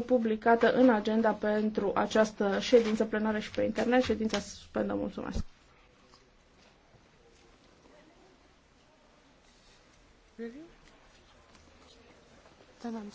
publicată în agenda pentru această ședință plenară și pe internet. Ședința se suspendă. Mulțumesc! Mm-hmm.